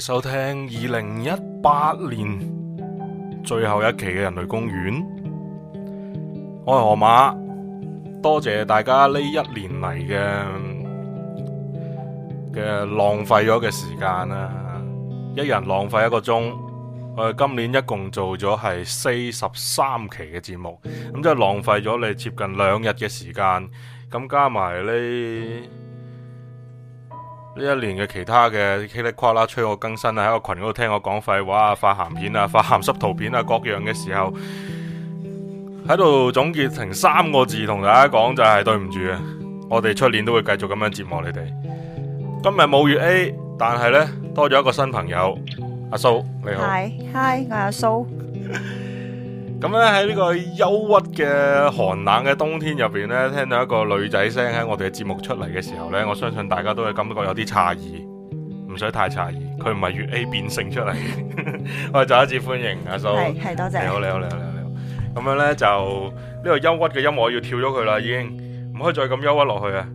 收聽二零一八年最後一期嘅《人類公園》，我係河馬，多謝大家呢一年嚟嘅嘅浪費咗嘅時間啦，一人浪費一個鐘，我哋今年一共做咗係四十三期嘅節目，咁即係浪費咗你接近兩日嘅時間，咁加埋呢？呢一年嘅其他嘅，噼里呱啦催我更新啊，喺個群嗰度聽我講廢話啊，發鹹片啊，發鹹濕圖片啊，各樣嘅時候，喺度總結成三個字同大家講就係對唔住啊，我哋出年都會繼續咁樣折磨你哋。今日冇月 A，但係呢，多咗一個新朋友，阿蘇你好。係，Hi，我阿蘇。咁咧喺呢個憂鬱嘅寒冷嘅冬天入邊咧，聽到一個女仔聲喺我哋嘅節目出嚟嘅時候咧，我相信大家都係感覺有啲詫異，唔使太詫異，佢唔係粵 A 變性出嚟 我哋就一致歡迎阿蘇、so,，係多謝，你好你好你好你好。咁樣咧就呢個憂鬱嘅音樂要跳咗佢啦，已經唔可以再咁憂鬱落去 啊。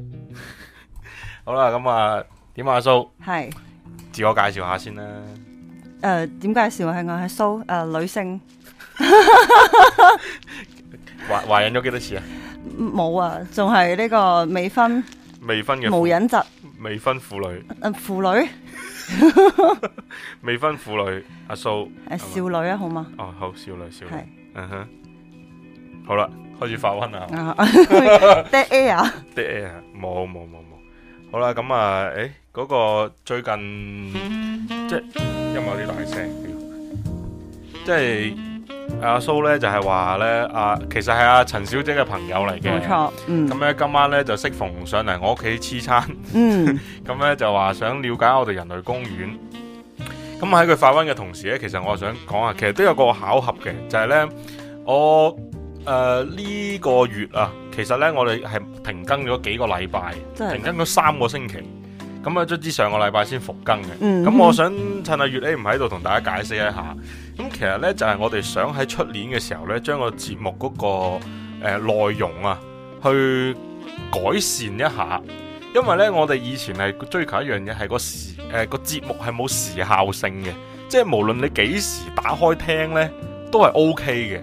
好啦，咁啊、so? 是，點阿蘇？係，自我介紹下先啦。誒、uh,，點介紹？我係我係蘇，誒，女性。懷 孕咗幾多次啊？冇啊，仲係呢個未婚未婚嘅無隱疾未婚婦女。嗯，婦女未婚婦女，阿蘇，啊、是是少女啊，好嗎？哦，好少女少女。哼，是 uh huh. 好啦，開始發瘟啦。dead air 冇冇冇冇。好啦，咁啊，誒、欸，嗰、那個最近即係有冇啲大聲，即係。阿蘇咧就係話咧，阿其實係阿陳小姐嘅朋友嚟嘅，冇錯。咁咧今晚咧就適逢上嚟我屋企黐餐，咁咧就話想了解我哋人類公園。咁喺佢發瘟嘅同時咧，其實我想講下，其實都有個巧合嘅，就係咧我誒呢個月啊，其實咧我哋係停更咗幾個禮拜，停更咗三個星期，咁啊卒之上個禮拜先復更嘅。咁我想趁阿月你唔喺度，同大家解釋一下。咁、嗯、其實呢，就係、是、我哋想喺出年嘅時候呢，將個節目嗰、那個誒內、呃、容啊，去改善一下。因為呢，我哋以前係追求一樣嘢，係個時誒、呃、個節目係冇時效性嘅，即係無論你幾時打開聽呢，都係 O K 嘅。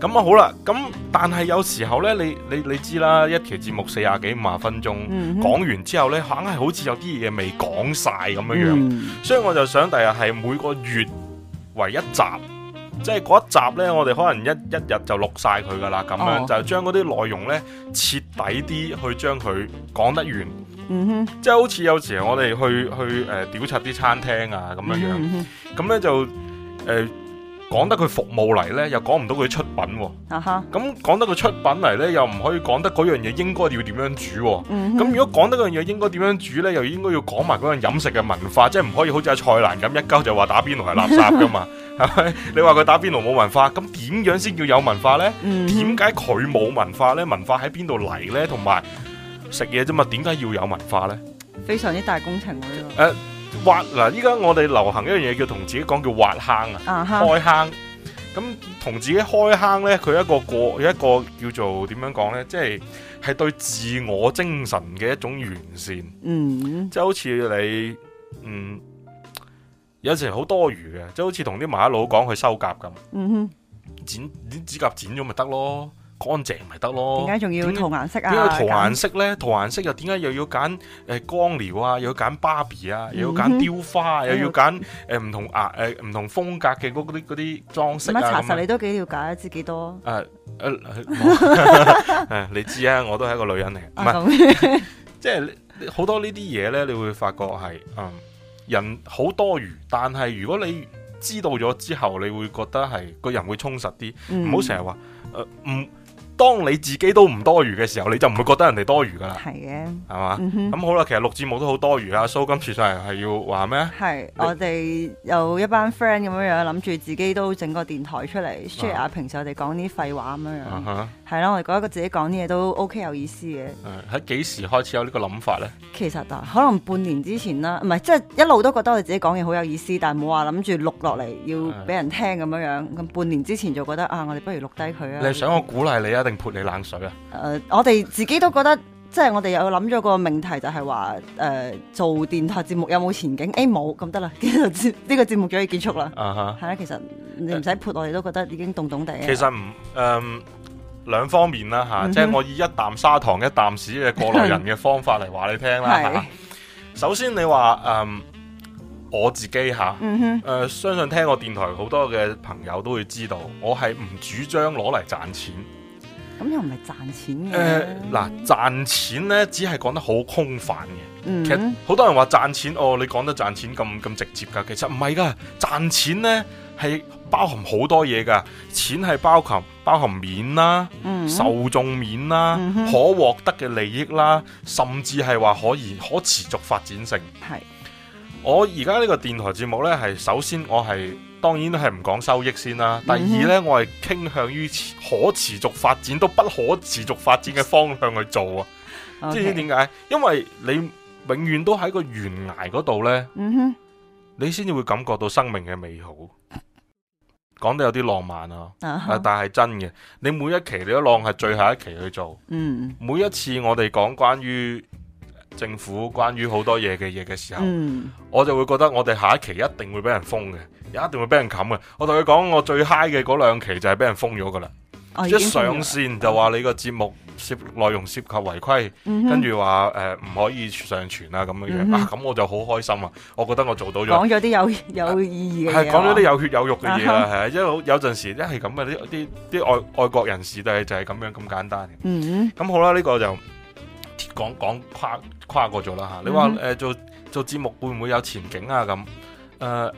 咁啊好啦，咁但係有時候呢，你你你知啦，一條節目四廿幾五十分鐘，講、嗯、哼完之後呢，硬係好似有啲嘢未講晒咁樣樣。嗯、所以我就想第日係每個月，為，一集，即係嗰一集呢，我哋可能一一日就錄晒佢噶啦，咁樣、oh. 就將嗰啲內容呢徹底啲去將佢講得完。Mm hmm. 即係好似有時我哋去去誒調、呃、查啲餐廳啊咁樣、mm hmm. 樣，咁呢就誒。講得佢服務嚟，呢，又講唔到佢出品。咁講得佢出品嚟，呢，又唔可以講得嗰樣嘢應該要點樣煮。咁、嗯、哼 如果講得嗰樣嘢應該點樣煮呢？又應該要講埋嗰樣飲食嘅文化，即係唔可以好似阿蔡瀾咁一鳩就話打邊爐係垃圾噶嘛，係咪哈哈？你話佢打邊爐冇文化，咁點樣先叫有文化呢？點解佢冇文化呢？文化喺邊度嚟呢？同埋食嘢啫嘛，點解要有文化呢？非常之大工程啊！啊挖嗱，依家我哋流行一樣嘢叫同自己講，叫挖坑啊，uh huh. 開坑。咁同自己開坑呢，佢一個過一個叫做點樣講呢？即係係對自我精神嘅一種完善。嗯、mm，即、hmm. 係好似你嗯，有時多餘好多餘嘅，即係好似同啲麻甩佬講去修甲咁，剪啲指甲剪咗咪得咯。乾淨咪得咯？點解仲要塗顏色啊？點解塗顏色咧？塗顏色又點解又要揀誒光療啊？又要揀芭比啊？又要揀雕花？又要揀誒唔同顏誒唔同風格嘅嗰啲嗰啲裝飾？乜查實你都幾了解，知幾多？誒誒，你知啊？我都係一個女人嚟嘅，唔係，即係好多呢啲嘢咧，你會發覺係，嗯，人好多餘，但係如果你知道咗之後，你會覺得係個人會充實啲，唔好成日話，誒，唔。當你自己都唔多餘嘅時候，你就唔會覺得人哋多餘噶啦。係嘅，係嘛？咁好啦，其實錄節目都好多餘啊。所以今次上嚟係要話咩？係是你我哋有一班 friend 咁樣樣，諗住自己都整個電台出嚟 share 啊，平時我哋講啲廢話咁樣樣。係咯、啊哈，我哋覺得佢自己講啲嘢都 OK 有意思嘅。喺幾、啊、時開始有個呢個諗法咧？其實可能半年之前啦，唔係即係一路都覺得我哋自己講嘢好有意思，但係冇話諗住錄落嚟要俾人聽咁樣樣。咁的半年之前就覺得啊，我哋不如錄低佢啊。你想我鼓勵你啊？潑你冷水啊！誒、呃，我哋自己都覺得，即係我哋有諗咗個命題就，就係話誒，做電台節目有冇前景？誒、欸，冇咁得啦，呢個節目就可以結束啦。啊哈、uh，係、huh. 啦，其實你唔使潑，我哋都覺得已經凍凍地。其實唔誒兩方面啦吓，啊 mm hmm. 即係我以一啖砂糖一啖屎嘅過路人嘅方法嚟話你聽啦，首先你話誒、呃，我自己吓誒、啊 mm hmm. 呃，相信聽我電台好多嘅朋友都會知道，我係唔主張攞嚟賺錢。咁又唔係賺錢嘅、啊？誒嗱、呃，賺錢呢，只係講得好空泛嘅。Mm hmm. 其實好多人話賺錢，哦，你講得賺錢咁咁直接㗎。其實唔係㗎，賺錢呢係包含好多嘢㗎。錢係包含包含面啦，mm hmm. 受眾面啦，mm hmm. 可獲得嘅利益啦，甚至係話可以可持續發展性。係。我而家呢個電台節目呢，係首先我係。當然都係唔講收益先啦。第二呢，嗯、哼我係傾向於可持續發展到不可持續發展嘅方向去做啊。 Okay. 知唔知點解？因為你永遠都喺個懸崖嗰度呢，嗯、哼你先至會感覺到生命嘅美好。講得有啲浪漫啊，uh huh. 但係真嘅。你每一期你都浪係最後一期去做。嗯、每一次我哋講關於政府、關於好多嘢嘅嘢嘅時候，嗯、我就會覺得我哋下一期一定會俾人封嘅。一定會俾人冚嘅。我同佢講，我最嗨嘅嗰兩期就係俾人封咗噶啦。一、哦、上線就話你個節目涉內容涉及違規，嗯、哼跟住話誒唔可以上傳啦咁嘅樣。咁、嗯哼啊、我就好開心啊！我覺得我做到咗。講咗啲有有意義，係講咗啲有血有肉嘅嘢啦，係啊，因為有陣時一係咁嘅啲啲啲外外國人士，但係就係咁樣咁簡單。嗯哼。咁好、這個、啦，呢個就講講跨跨過咗啦吓。你話誒做做節目會唔會有前景啊？咁、呃、誒。呃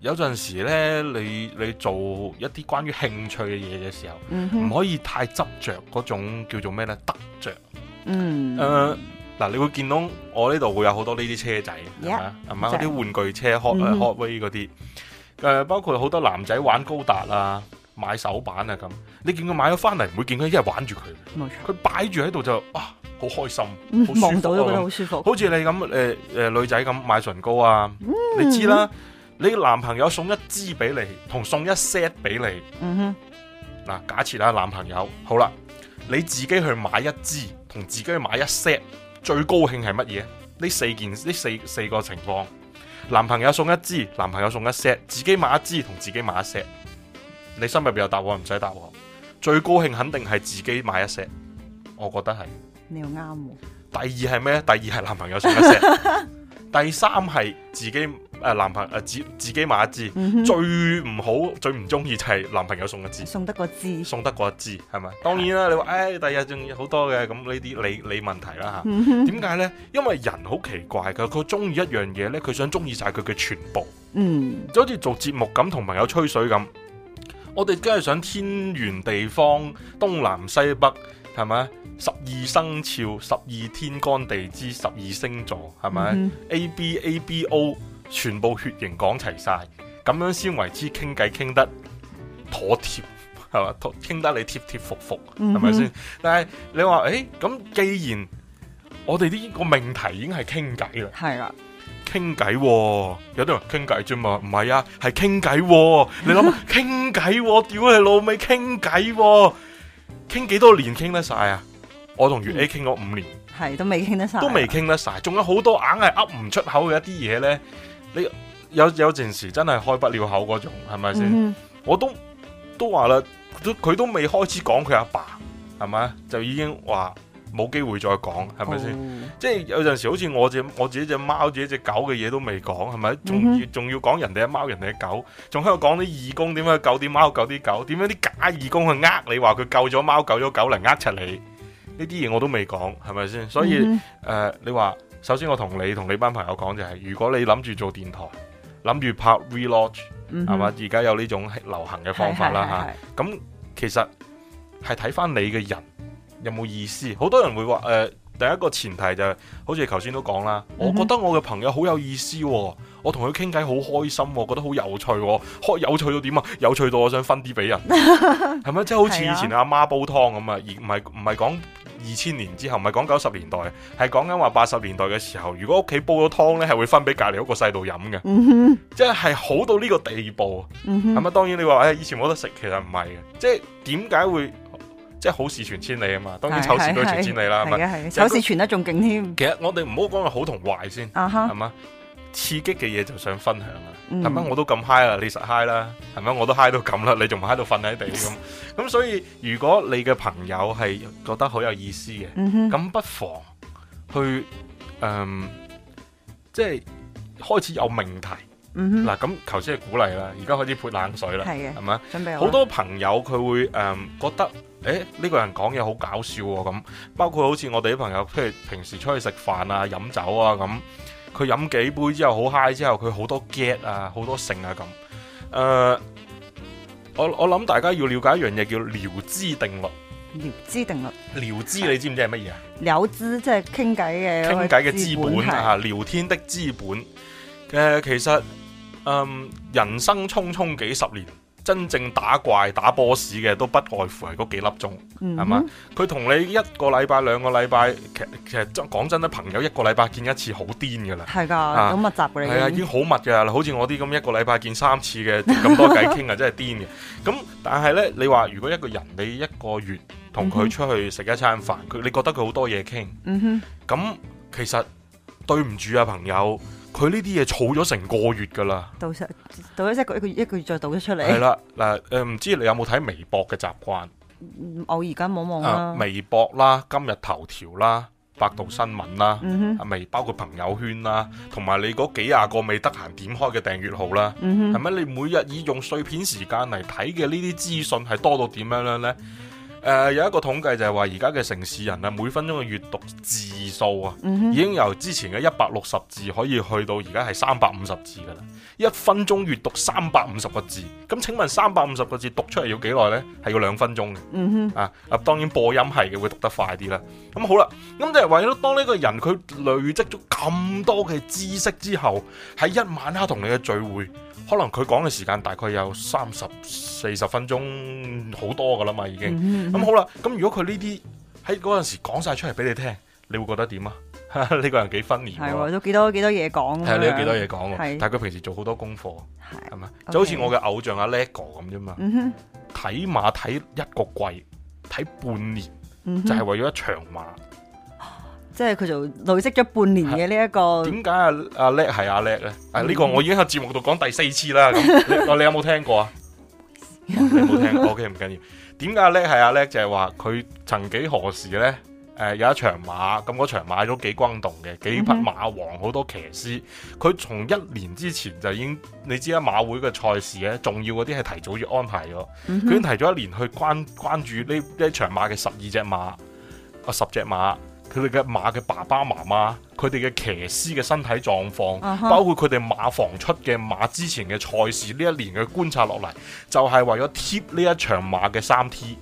有陣時咧，你你做一啲關於興趣嘅嘢嘅時候，唔、mm hmm. 可以太執着嗰種叫做咩咧？得着。嗯、mm。誒，嗱，你會見到我呢度會有好多呢啲車仔，係咪？嗰啲玩具車，Hot、mm hmm. Hot Way 嗰啲。誒、uh,，包括好多男仔玩高達啊，買手板啊咁。你見佢買咗翻嚟，唔會見佢一日玩住佢。佢擺住喺度就，啊，好開心，望、啊嗯、到都覺得好舒服。好似你咁，誒、呃、誒，女仔咁買唇膏啊，你知啦。嗯嗯你男朋友送一支俾你，同送一 set 俾你。嗯哼，嗱，假設下男朋友好啦，你自己去買一支，同自己去買一 set，最高興係乜嘢？呢四件，呢四四個情況，男朋友送一支，男朋友送一 set，自己買一支，同自己買一 set，你心入邊有答案唔使答我，最高興肯定係自己買一 set，我覺得係。你又啱喎。第二係咩？第二係男朋友送一 set。 第三係自己。誒，男朋友自自己買一支，嗯、哼最唔好、最唔中意就係男朋友送一支，送得過一支，送得過一支係咪？當然啦，的你話誒，第、哎、日仲好多嘅，咁呢啲你理問題啦吓。點、啊、解、嗯、哼呢？因為人好奇怪嘅，佢中意一樣嘢呢，佢想中意晒佢嘅全部。嗯，就好似做節目咁，同朋友吹水咁，我哋梗係想天圓地方、東南西北，係咪？十二生肖、十二天干地支、十二星座，係咪、嗯、哼？A B A B O。全部血型講齊晒，咁樣先為之傾偈傾得妥貼，係嘛？傾得你貼貼服服，係咪先？但係你話誒，咁既然我哋呢個命題已經係傾偈啦，係啦，傾偈有啲人傾偈啫嘛？唔係啊，係傾偈，你諗傾偈，屌你老味，傾偈，傾幾多年傾得晒啊？我同月 A 傾咗五年，係都未傾得晒，都未傾得晒，仲有好多硬係噏唔出口嘅一啲嘢咧。有有陣時真係開不了口嗰種，係咪先？Mm hmm. 我都都話啦，都佢都，都未開始講佢阿爸，係咪？就已經話冇機會再講，係咪先？Oh. 即係有陣時，好似我隻我自己隻貓，自己隻狗嘅嘢都未講，係咪？仲要仲要講人哋嘅貓，人哋嘅狗，仲喺度講啲義工點樣去救啲貓救啲狗，點樣啲假義工去呃你，你，話佢救咗貓救咗狗嚟呃出你，呢啲嘢我都未講，係咪先？所以誒、mm hmm. 呃，你話。首先我同你同你班朋友講，就係如果你諗住做電台，諗住拍 reload，係嘛？而家、mm hmm. 有呢種流行嘅方法啦嚇。咁其實，係睇翻你嘅人有冇意思。好多人會話，誒、呃，第一個前提就係、是，好似頭先都講啦，我覺得我嘅朋友好有意思喎、哦，mm hmm. 我同佢傾偈好開心、哦，覺得好有趣、哦，開有趣到點啊？有趣到我想分啲俾人，係咪？ 即、就、係、是、好似以前阿媽煲湯咁啊，而唔係唔係講。二千年之後唔係講九十年代，係講緊話八十年代嘅時候，如果屋企煲咗湯咧，係會分俾隔離嗰個細路飲嘅，嗯、哼即係好到呢個地步。咁啊、嗯哼，當然你話唉、欸，以前冇得食，其實唔係嘅，即係點解會即係好事傳千里啊嘛？當然醜事都會傳千里啦，醜事傳得仲勁添。其實我哋唔好講話好同壞先，係嘛、uh？Huh. 刺激嘅嘢就想分享啊，係咪、嗯、我都咁 high 啦？你實 high 啦？係咪我都 high 到咁啦？你仲唔喺度瞓喺地咁？咁 所以如果你嘅朋友係覺得好有意思嘅，咁、嗯、哼不妨去誒、呃，即係開始有命題。嗱、嗯哼，咁頭先係鼓勵啦，而家開始潑冷水啦，係咪的？吧好多朋友佢會誒、呃、覺得誒呢、欸這個人講嘢好搞笑咁，包括好似我哋啲朋友，譬如平時出去食飯啊、飲酒啊咁。佢飲幾杯之後好嗨，之後佢好多 get 啊，好多性啊咁，誒、呃，我我諗大家要了解一樣嘢叫聊資定律。聊資定律。聊資是你知唔知係乜嘢啊？資就是、聊資即係傾偈嘅傾偈嘅資本啊，聊天的資本。誒，其實嗯、呃，人生匆匆幾十年。真正打怪打 boss 嘅都不外乎係嗰幾粒鐘，係嘛、嗯哼？佢同你一個禮拜兩個禮拜，其實其實講真咧，朋友一個禮拜見一次好癲噶啦。係噶的，咁、啊、密集嘅你係啊，已經好密噶啦。好似我啲咁一個禮拜見三次嘅咁多偈傾啊， 真係癲嘅。咁但係呢，你話如果一個人你一個月同佢出去食一餐飯，佢、嗯、哼你覺得佢好多嘢傾，咁、嗯哼嗯、其實對唔住啊，朋友。佢呢啲嘢儲咗成個月噶啦，倒出，倒咗一個一個月，一個月再倒咗出嚟。係啦、 嗯，嗱，誒，唔知你有冇睇微博嘅習慣？我而家冇望微博啦，今日頭條啦，百度新聞啦，嗯、哼啊咪包括朋友圈啦，同埋你嗰幾廿個未得閒點開嘅訂閱號啦，係咪、嗯哼？你每日以用碎片時間嚟睇嘅呢啲資訊係多到點樣樣咧？誒、uh, 有一個統計就係話，而家嘅城市人啊，每分鐘嘅閱讀字數啊，mm hmm. 已經由之前嘅一百六十字可以去到而家係三百五十字噶啦。一分鐘閱讀三百五十個字，咁請問三百五十個字讀出嚟要幾耐呢？係要兩分鐘嘅。Mm hmm. 啊，啊當然播音係嘅會讀得快啲啦。咁好啦，咁即係為咗當呢個人佢累積咗咁多嘅知識之後，喺一晚黑同你嘅聚會。可能佢講嘅時間大概有三十四十分鐘，好多噶啦嘛已經。咁、mm hmm. 嗯、好啦，咁如果佢呢啲喺嗰陣時講曬出嚟俾你聽，你會覺得點啊？呢 個人幾分年喎，都幾多幾多嘢講。係啊，你都有幾多嘢講喎。是但係佢平時做好多功課，係嘛是？吧就好似我嘅偶像阿、啊、叻哥咁啫嘛，睇、mm hmm. 馬睇一個季，睇半年、mm hmm. 就係為咗一場馬。即係佢就累積咗半年嘅，呢一個點解阿阿叻係阿叻咧？嗯、啊呢、這個我已經喺節目度講第四次啦。你 你有冇聽過啊？ 你冇聽？O K 唔緊要。點、okay, 解阿叻係阿叻？就係話佢曾幾何時咧？誒、呃，有一場馬，咁嗰場馬都幾轟動嘅，幾匹馬王好多騎師。佢從一年之前就已經你知啦，馬會嘅賽事咧，重要嗰啲係提早要安排咗。佢、嗯、哼已經提咗一年去關關注呢呢場馬嘅十二隻馬啊十隻馬。啊十隻馬佢哋嘅馬嘅爸爸媽媽，佢哋嘅騎師嘅身體狀況，uh huh. 包括佢哋馬房出嘅馬之前嘅賽事呢一年嘅觀察落嚟，就係、是、為咗貼呢一場馬嘅三 T。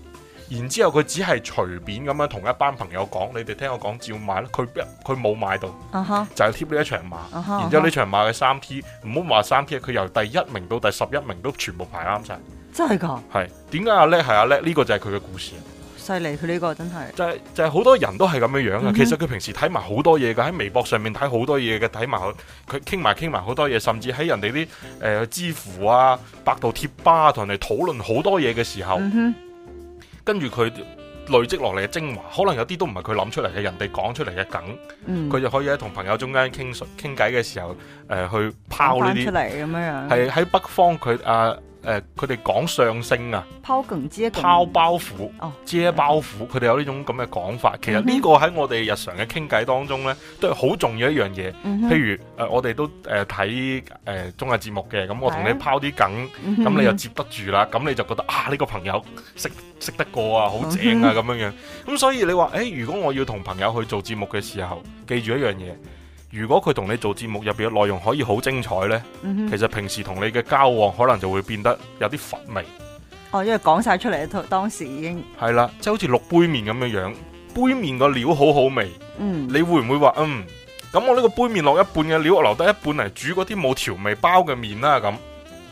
然之後佢只係隨便咁樣同一班朋友講，你哋聽我講照買啦。佢佢冇買到，uh huh. 就係貼呢一場馬。Uh huh. 然之後呢場馬嘅三 T，唔好話三 T，佢由第一名到第十一名都全部排啱晒。真係㗎？係點解阿叻係阿叻？呢、這個就係佢嘅故事。犀利，佢呢、呢個真係就係、是、就係、是、好多人都係咁樣樣啊！嗯、哼其實佢平時睇埋好多嘢噶，喺微博上面睇好多嘢嘅，睇埋佢佢傾埋傾埋好多嘢，甚至喺人哋啲誒知乎啊、百度貼吧同人哋討論好多嘢嘅時候，嗯、哼跟住佢累積落嚟嘅精華，可能有啲都唔係佢諗出嚟嘅，人哋講出嚟嘅梗，佢、嗯、就可以喺同朋友中間傾傾偈嘅時候，誒、呃、去拋呢啲出嚟咁樣樣。係喺北方，佢、呃、啊。誒佢哋講相聲啊，拋梗接梗，拋包袱，接包袱，佢哋有呢種咁嘅講法。其實呢個喺我哋日常嘅傾偈當中呢，都係好重要一樣嘢。譬如誒、呃，我哋都誒睇誒綜藝節目嘅，咁我同你拋啲梗，咁、啊、你又接得住啦，咁你就覺得啊，呢個朋友識識得過啊，好正啊咁樣樣。咁所以你話，誒、欸、如果我要同朋友去做節目嘅時候，記住一樣嘢。如果佢同你做節目入邊嘅內容可以好精彩呢，嗯、哼其實平時同你嘅交往可能就會變得有啲乏味。哦，因為講晒出嚟，當時已經係啦，即係好似六杯麵咁嘅樣，杯麵個料好好味。嗯、你會唔會話嗯咁？我呢個杯麵落一半嘅料，我留低一半嚟煮嗰啲冇調味包嘅麵啦。咁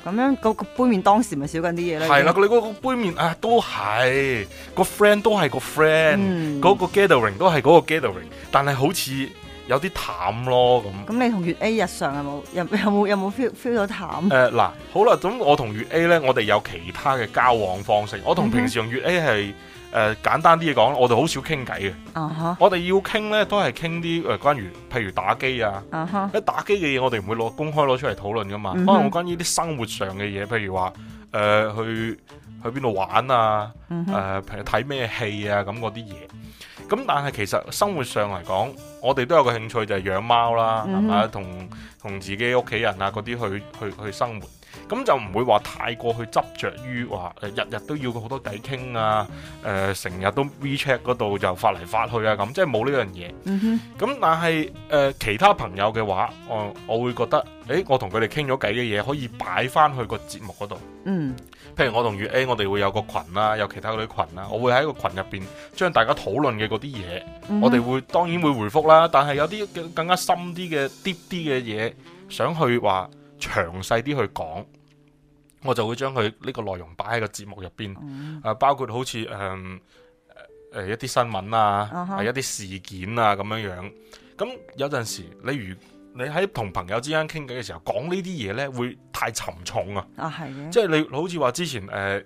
咁樣，樣、嗰個杯麵當時咪少緊啲嘢咧？係啦，你嗰個杯麵啊，都係個 friend、嗯、個都係個 friend，嗰個 gathering 都係嗰個 gathering，但係好似。有啲淡咯咁。咁你同月 A 日常有冇有有冇有冇 feel feel 到淡？誒嗱、呃，好啦，咁我同月 A 咧，我哋有其他嘅交往方式。我同平時用月 A 係誒、呃、簡單啲嘢講，我哋好少傾偈嘅。Uh huh. 我哋要傾咧，都係傾啲誒關於、呃、譬如打機啊。一、uh huh. 打機嘅嘢，我哋唔會攞公開攞出嚟討論噶嘛。Uh huh. 可能我關於啲生活上嘅嘢，譬如話誒、呃、去去邊度玩啊，誒睇咩戲啊咁嗰啲嘢。咁但係其實生活上嚟講，我哋都有個興趣就係養貓啦，係嘛、嗯、同同自己屋企人啊嗰啲去去去生活。咁就唔會話太過去執着於話誒日日都要好多偈傾啊，誒成日都 WeChat 嗰度就發嚟發去啊咁，即係冇呢樣嘢。咁、嗯、哼但係誒、呃、其他朋友嘅話，我我會覺得，誒我同佢哋傾咗偈嘅嘢可以擺翻去個節目嗰度。嗯，譬如我同月 A，我哋會有個群啦、啊，有其他嗰啲羣啦，我會喺個群入邊將大家討論嘅嗰啲嘢，嗯、哼我哋會當然會回覆啦，但係有啲更加深啲嘅 deep 啲嘅嘢，想去話。詳細啲去講，我就會將佢呢個內容擺喺個節目入邊，嗯、啊，包括好似誒誒一啲新聞啊，啊，啊哈啊，一啲事件啊咁樣樣。咁、嗯、有陣時，例如你喺同朋友之間傾偈嘅時候，講呢啲嘢呢，會太沉重啊，即係、啊啊、你好似話之前誒誒、呃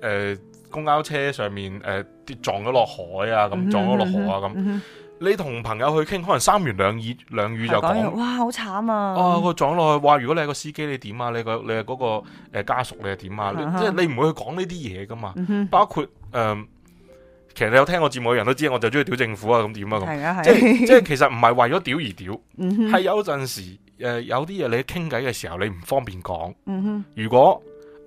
呃、公交車上面誒、呃、撞咗落海啊，咁撞咗落河啊咁。嗯你同朋友去傾，可能三言兩語兩語就講、啊啊，哇，好慘啊！啊，佢撞落去，話如果你係個司機，你點啊？你個你係嗰個誒家屬，你係點、那個呃、啊？即係、嗯、哼你唔、就是、會去講呢啲嘢噶嘛？嗯、哼包括誒、呃，其實你有聽我節目嘅人都知，我就中意屌政府啊，咁點啊？咁、啊啊、即係即係，其實唔係為咗屌而屌，係有陣時誒、呃，有啲嘢你傾偈嘅時候你唔方便講。嗯、哼如果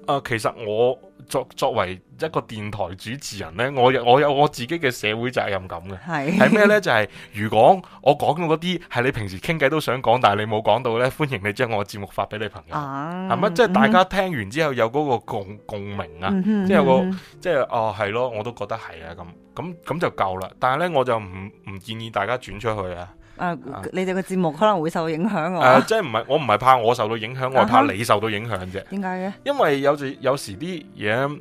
誒、呃呃，其實我。作作為一個電台主持人呢，我有我有我自己嘅社會責任感嘅，係咩呢？ 就係如果我講嘅嗰啲係你平時傾偈都想講，但係你冇講到呢，歡迎你將我嘅節目發俾你朋友，係咪？即係大家聽完之後有嗰個共共鳴啊，嗯、哼即係、有嗰個即係哦，係咯，我都覺得係啊，咁咁咁就夠啦。但係呢，我就唔唔建議大家轉出去啊。誒，啊、你哋個節目可能會受到影響嘅、啊啊。即係唔係我唔係怕我受到影響，啊、哼我係怕你受到影響啫。點解嘅？因為有時有時啲嘢，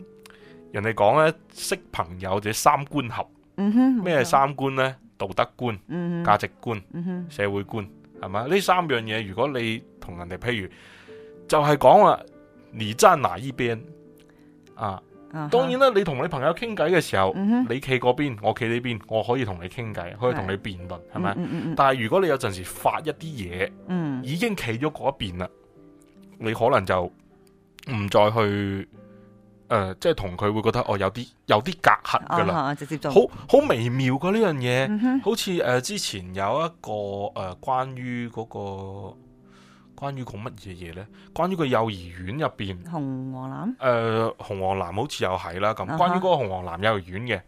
人哋講咧識朋友即係三觀合。咩係、嗯、哼三觀呢？嗯、哼道德觀、價值觀、嗯、哼社會觀，係嘛？呢三樣嘢，如果你同人哋，譬如就係講話你爭拿一邊啊？當然啦，你同你朋友傾偈嘅時候，嗯、哼你企嗰邊，我企呢邊，我可以同你傾偈，可以同你辯論，係咪？但係如果你有陣時發一啲嘢，嗯、已經企咗嗰邊啦，你可能就唔再去，誒、呃，即係同佢會覺得我有啲有啲隔閡㗎啦，嗯、直接就好好微妙㗎呢樣嘢，嗯、哼好似誒、呃、之前有一個誒、呃、關於嗰、那個。關於講乜嘢嘢呢？關於個幼兒園入邊，紅黃藍，誒、呃，紅黃藍好似又係啦咁。Uh huh. 關於嗰個紅黃藍幼兒園嘅，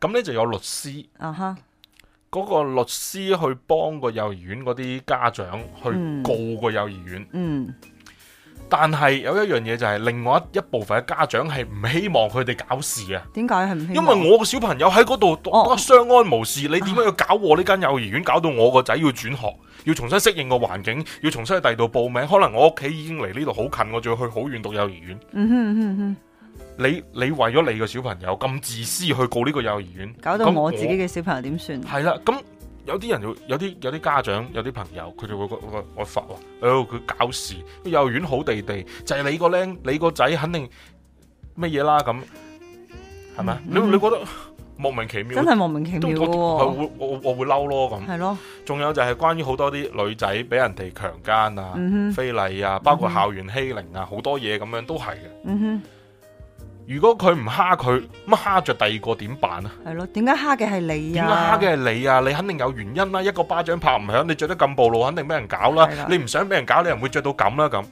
咁呢就有律師，啊哈、uh，嗰、huh. 個律師去幫個幼兒園嗰啲家長去告個幼兒園，嗯。嗯但係有一樣嘢，就係、是、另外一一部分嘅家長係唔希望佢哋搞事啊？點解係唔希望？因為我小、哦、個小朋友喺嗰度，相安無事。你點解要搞我呢間幼兒園？搞到我個仔要轉學，要重新適應個環境，要重新去第二度報名。可能我屋企已經嚟呢度好近，我仲要去好遠讀幼兒園，嗯嗯嗯。你為你為咗你個小朋友咁自私去告呢個幼兒園，搞到我自己嘅小朋友點算？係啦，咁。有啲人會，有啲有啲家長，有啲朋友，佢就會個個我發話，佢、呃、搞事，幼兒園好地地，就係、是、你個僆，你個仔肯定乜嘢啦，咁係咪？嗯嗯、你你覺得莫名其妙？真係莫名其妙嘅喎我，我我我會嬲對咯，咁係咯。仲有就係關於好多啲女仔俾人哋強姦啊，嗯、哼非禮啊，包括校園欺凌啊，好、嗯、哼多嘢咁樣都係嘅。嗯。如果佢唔蝦佢，咁蝦著第二個點辦啊？係咯，點解蝦嘅係你啊？蝦嘅係你啊？你肯定有原因啦、啊。一個巴掌拍唔響，你着得咁暴露，肯定俾人搞啦、啊。了你唔想俾人搞，你又唔會著到咁啦、啊。咁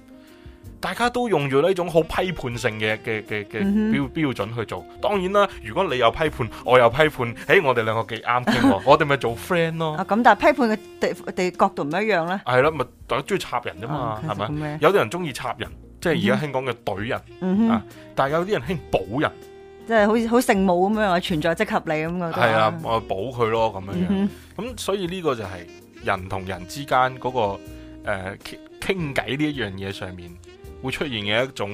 大家都用住呢種好批判性嘅嘅嘅嘅標標準去做。嗯、哼當然啦，如果你又批判，我又批判，誒，我哋兩個幾啱傾， 我哋咪做 friend 咯。 啊，咁但係批判嘅地地角度唔一樣咧。係咯，咪大家中意插人啫嘛，係咪、哦？有啲人中意插人。即係而家興講嘅懟人，mm hmm. 啊、但係有啲人興保人，即係好似好聖母咁樣存在，即合理咁嘅。係啊，我保佢咯咁樣。咁、mm hmm. 所以呢個就係人同人之間嗰、嗰個誒傾偈呢一樣嘢上面會出現嘅一種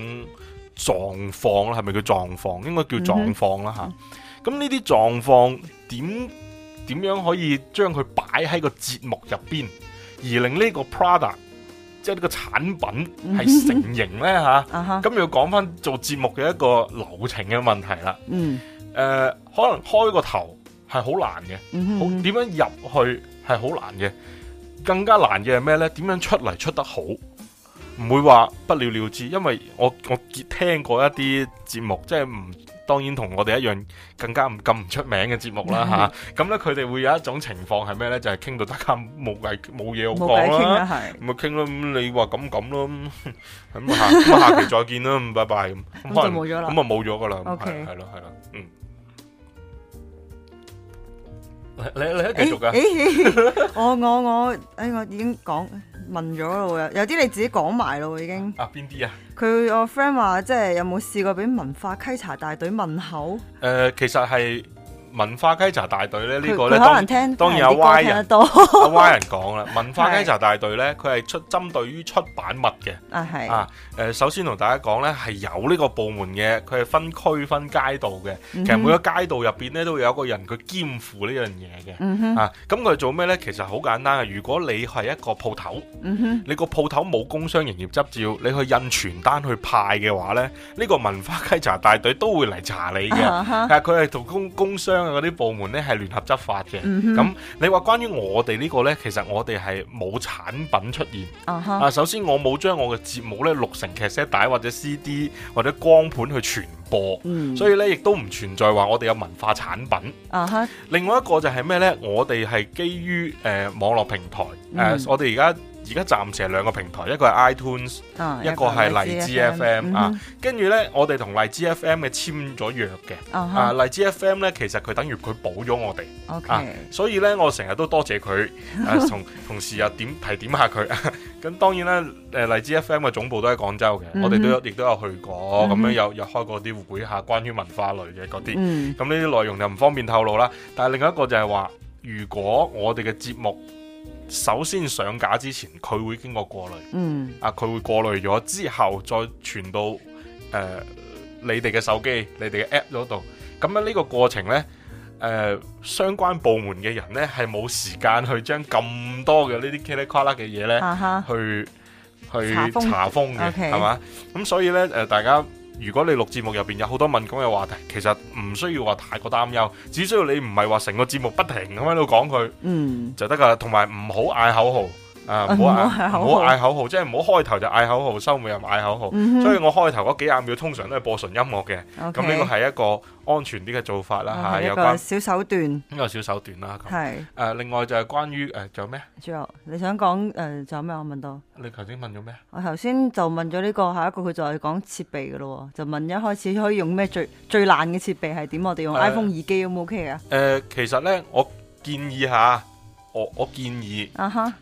狀況啦。係咪叫狀況？應該叫狀況啦吓，咁呢啲狀況點點樣可以將佢擺喺個節目入邊，而令呢個 product 即係呢個產品係成型咧吓，咁要講翻做節目嘅一個流程嘅問題啦。嗯，誒，可能開個頭係好難嘅，點樣入去係好難嘅，更加難嘅係咩呢？點樣出嚟出得好，唔會話不了了之，因為我我聽過一啲節目，即係唔。當然同我哋一樣更加唔咁唔出名嘅節目啦嚇，咁咧佢哋會有一種情況係咩咧？就係傾到大家冇嘢冇嘢好講啦，係咪傾啦？咁你話咁咁咯，咁下咁啊下期再見啦，拜拜咁，冇咗啦，咁啊冇咗噶啦，係咯係咯，嗯，你你你繼續噶，我我我誒，我已經講。問咗咯，有啲你自己講埋咯已經。啊，邊啲啊？佢我 friend 話，即係有冇試過俾文化稽查大隊問候？誒、呃，其實係。文化稽查大隊咧，他個呢個咧當然有歪人，有歪 人講啦。文化稽查大隊咧，佢係出針對於出版物嘅。啊，係啊，誒、呃，首先同大家講咧，係有呢個部門嘅，佢係分區分街道嘅。其實每個街道入邊咧，都會有一個人佢兼負呢樣嘢嘅。嗯、哼啊，咁佢做咩咧？其實好簡單嘅。如果你係一個鋪頭，嗯、哼你個鋪頭冇工商營業執照，你去印傳單去派嘅話咧，呢、呢個文化稽查大隊都會嚟查你嘅。但係佢係同工工商。嗰啲部門咧係聯合執法嘅，咁、mm hmm. 你話關於我哋呢個呢，其實我哋係冇產品出現。Uh huh. 啊，首先我冇將我嘅節目咧錄成劇 s 帶或者 CD 或者光盤去傳播，mm hmm. 所以呢亦都唔存在話我哋有文化產品。Uh huh. 另外一個就係咩呢？我哋係基於誒、呃、網絡平台，誒、uh huh. uh, 我哋而家。而家暫時係兩個平台，一個係 iTunes、哦、一個係荔枝 FM 啊。跟住呢，我哋同荔枝 FM 嘅簽咗約嘅。嗯、哼啊，荔枝 FM 呢，其實佢等於佢補咗我哋、嗯、哼啊，所以呢，我成日都多謝佢、 啊。同同時又點提點下佢。咁 當然啦，誒荔枝 FM 嘅總部都喺廣州嘅，嗯、哼我哋都亦都有去過。咁樣有有開過啲會下、啊，關於文化類嘅嗰啲。咁呢啲內容就唔方便透露啦。但係另外一個就係話，如果我哋嘅節目，首先上架之前，佢會經過過濾，嗯、啊，佢會過濾咗之後再傳到誒、呃、你哋嘅手機、你哋嘅 app 度。咁樣呢個過程呢，誒、呃、相關部門嘅人呢，係冇時間去將咁多嘅呢啲奇咧怪啦嘅嘢呢，啊、哈去去查封嘅，係嘛？咁 Okay. 所以呢，誒、呃、大家。如果你錄節目入邊有好多敏感嘅話題，其實唔需要話太過擔憂，只需要你唔係話成個節目不停咁喺度講佢，嗯，就得㗎啦。同埋唔好嗌口號。啊！唔好嗌口號，即係唔好開頭就嗌口號，收尾又嗌口號。所以，我開頭嗰幾廿秒通常都係播純音樂嘅。咁呢個係一個安全啲嘅做法啦，吓，有個小手段，呢有小手段啦。係，誒，另外就係關於，誒，仲有咩？仲有你想講，誒，仲有咩？我問到，你頭先問咗咩？我頭先就問咗呢個，下一個佢就係講設備噶咯，就問一開始可以用咩最最爛嘅設備係點？我哋用 iPhone 耳機，O 唔 OK 啊？誒，其實咧，我建議下。我我建議，